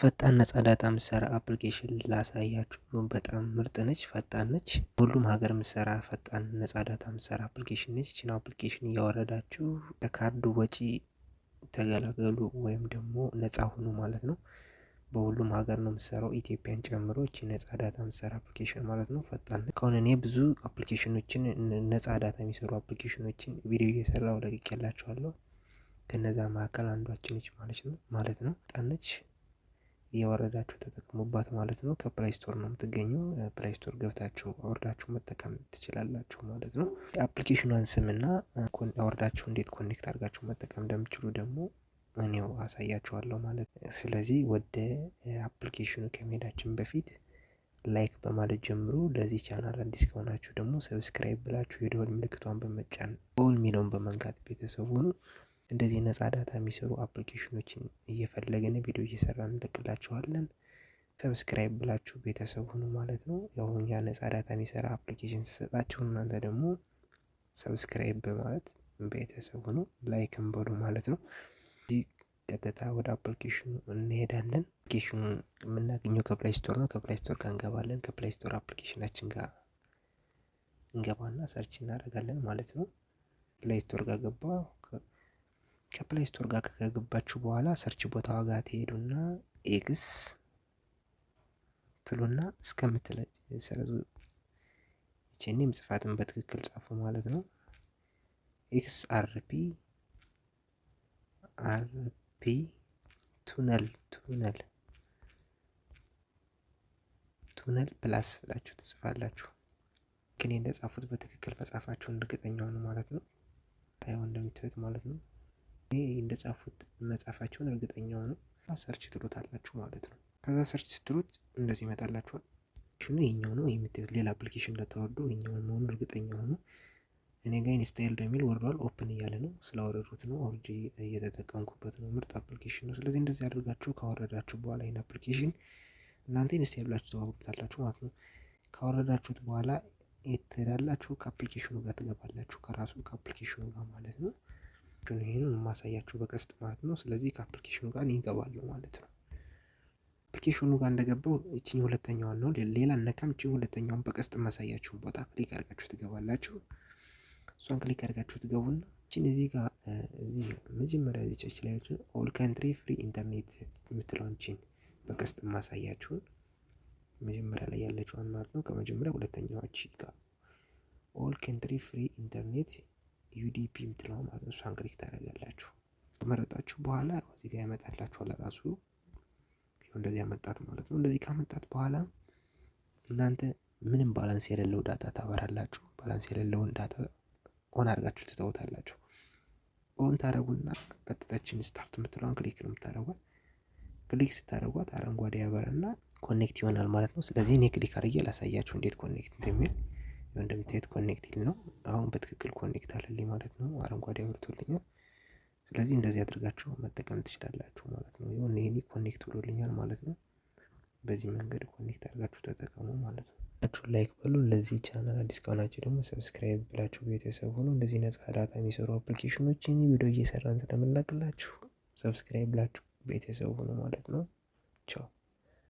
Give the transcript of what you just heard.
ፈጣን ነጻ ዳታ ምሰራ አፕሊኬሽን ላሳያችሁ። በጣም ምርጥ ነች፣ ፈጣን ነች። ሁሉም ሀገር ምሰራ ፈጣን ነጻ ዳታ ምሰራ አፕሊኬሽን ነች። ችን አፕሊኬሽን እያወረዳችሁ ከካርድ ወጪ ተገላገሉ ወይም ደግሞ ነጻ ሁኑ ማለት ነው። በሁሉም ሀገር ነው ምሰራው ኢትዮጵያን ጨምሮ ች ነጻ ዳታ ምሰራ አፕሊኬሽን ማለት ነው። ፈጣን ከሆነ እኔ ብዙ አፕሊኬሽኖችን ነጻ ዳታ የሚሰሩ አፕሊኬሽኖችን ቪዲዮ እየሰራው ለቅቄላችኋለሁ። ከነዛ መካከል አንዷችን ነች ማለት ነው ማለት ነው። ፈጣን ነች። እያወረዳችሁ ተጠቅሙባት ማለት ነው። ከፕላይ ስቶር ነው የምትገኘው። ፕላይ ስቶር ገብታችሁ አወርዳችሁ መጠቀም ትችላላችሁ ማለት ነው። የአፕሊኬሽኗን ስምና አወርዳችሁ እንዴት ኮኔክት አድርጋችሁ መጠቀም እንደምችሉ ደግሞ እኔው አሳያችኋለሁ ማለት ነው። ስለዚህ ወደ አፕሊኬሽኑ ከመሄዳችን በፊት ላይክ በማለት ጀምሮ ለዚህ ቻናል አዲስ ከሆናችሁ ደግሞ ሰብስክራይብ ብላችሁ የደወል ምልክቷን በመጫን ኦል ሚለውን በመንካት ቤተሰብ ሁኑ። እንደዚህ ነጻ ዳታ የሚሰሩ አፕሊኬሽኖችን እየፈለግን ቪዲዮ እየሰራን እንለቅላችኋለን። ሰብስክራይብ ብላችሁ ቤተሰብ ሁኑ ማለት ነው። ያው እኛ ነጻ ዳታ የሚሰራ አፕሊኬሽን ስሰጣችሁ እናንተ ደግሞ ሰብስክራይብ በማለት ቤተሰብ ሁኑ፣ ላይክም በሉ ማለት ነው። እዚህ ቀጥታ ወደ አፕሊኬሽኑ እንሄዳለን። አፕሊኬሽኑ የምናገኘው ከፕላይ ስቶር ነው። ከፕላይ ስቶር ጋር እንገባለን። ከፕላይ ስቶር አፕሊኬሽናችን ጋር እንገባና ሰርች እናደርጋለን ማለት ነው። ፕላይ ስቶር ጋር ገባ ከፕላይ ስቶር ጋር ከገባችሁ በኋላ ሰርች ቦታዋ ጋር ትሄዱና ኤክስ ትሉና እስከምትለጭ ሰረዙ። ቼኔም ጽፋትን በትክክል ጻፉ ማለት ነው። ኤክስ አርፒ አርፒ ቱነል ቱነል ቱነል ፕላስ ብላችሁ ትጽፋላችሁ። ግን እንደጻፉት በትክክል መጻፋችሁን እርግጠኛ ሁኑ ማለት ነው። ታየው እንደምታዩት ማለት ነው። ይህ እንደጻፉት መጻፋቸውን እርግጠኛ ሆነው ሰርች ትሉታላችሁ ማለት ነው። ከዛ ሰርች ስትሉት እንደዚህ ይመጣላችኋል። ሽኑ የኛው ነው የምትል ሌላ አፕሊኬሽን እንዳታወርዱ የኛውን መሆኑን እርግጠኛ ሆኑ። እኔ ጋ ኢንስታይል በሚል ወርዷል። ኦፕን እያለ ነው ስላወረዱት ነው ኦልሬዲ እየተጠቀምኩበት ነው። ምርጥ አፕሊኬሽን ነው። ስለዚህ እንደዚህ አድርጋችሁ ካወረዳችሁ በኋላ ይህን አፕሊኬሽን እናንተ ኢንስታይል ብላችሁ ተዋወቁታላችሁ ማለት ነው። ካወረዳችሁት በኋላ የትሄዳላችሁ ከአፕሊኬሽኑ ጋር ትገባላችሁ፣ ከራሱ ከአፕሊኬሽኑ ጋር ማለት ነው። አፕሊኬሽኖቹን ይህንን የማሳያችሁ በቀስት ማለት ነው። ስለዚህ ከአፕሊኬሽኑ ጋር ይገባለሁ ማለት ነው። አፕሊኬሽኑ ጋር እንደገባው እችን ሁለተኛዋን ነው ሌላ ነካም እችን ሁለተኛውን በቀስት የማሳያችሁን ቦታ ክሊክ አድርጋችሁ ትገባላችሁ። እሷን ክሊክ አድርጋችሁ ትገቡና እችን እዚህ ጋር መጀመሪያ ዚቻች ላይ ኦል ካንትሪ ፍሪ ኢንተርኔት የምትለውን እችን በቀስት የማሳያችሁን መጀመሪያ ላይ ያለችዋን ማለት ነው። ከመጀመሪያ ሁለተኛዋ እቺ ጋር ኦል ካንትሪ ፍሪ ኢንተርኔት ዩዲፒ የምትለው ማለት እሷን ክሊክ ታደርጋላችሁ። ከመረጣችሁ በኋላ እዚህ ጋር ያመጣላችኋል ራሱ እንደዚህ ያመጣት ማለት ነው። እንደዚህ ካመጣት በኋላ እናንተ ምንም ባላንስ የሌለው ዳታ ታበራላችሁ። ባላንስ የሌለውን ዳታ ኦን አድርጋችሁ ትተውታላችሁ። ኦን ታደረጉና ቀጥታችን ስታርት የምትለውን ክሊክ ነው የምታደረጓት። ክሊክ ስታደረጓት አረንጓዴ ያበራና ኮኔክት ይሆናል ማለት ነው። ስለዚህ እኔ ክሊክ አድርጌ ላሳያችሁ እንዴት ኮኔክት እንደሚል እንደምታየት ኮኔክት ይል ነው። አሁን በትክክል ኮኔክት አለልኝ ማለት ነው። አረንጓዴ አብርቶልኛል። ስለዚህ እንደዚህ አድርጋችሁ መጠቀም ትችላላችሁ ማለት ነው። ይሁን ይህኒ ኮኔክት ብሎልኛል ማለት ነው። በዚህ መንገድ ኮኔክት አድርጋችሁ ተጠቀሙ ማለት ነው። ላይክ በሉ። ለዚህ ቻናል አዲስ ከሆናችሁ ደግሞ ሰብስክራይብ ብላችሁ ቤተሰብ ሆኖ እንደዚህ ነጻ ዳታ የሚሰሩ አፕሊኬሽኖች አፕሊኬሽኖችን ቪዲዮ እየሰራን ስለምንለቅላችሁ ሰብስክራይብ ብላችሁ ቤተሰብ ሆኖ ማለት ነው። ቻው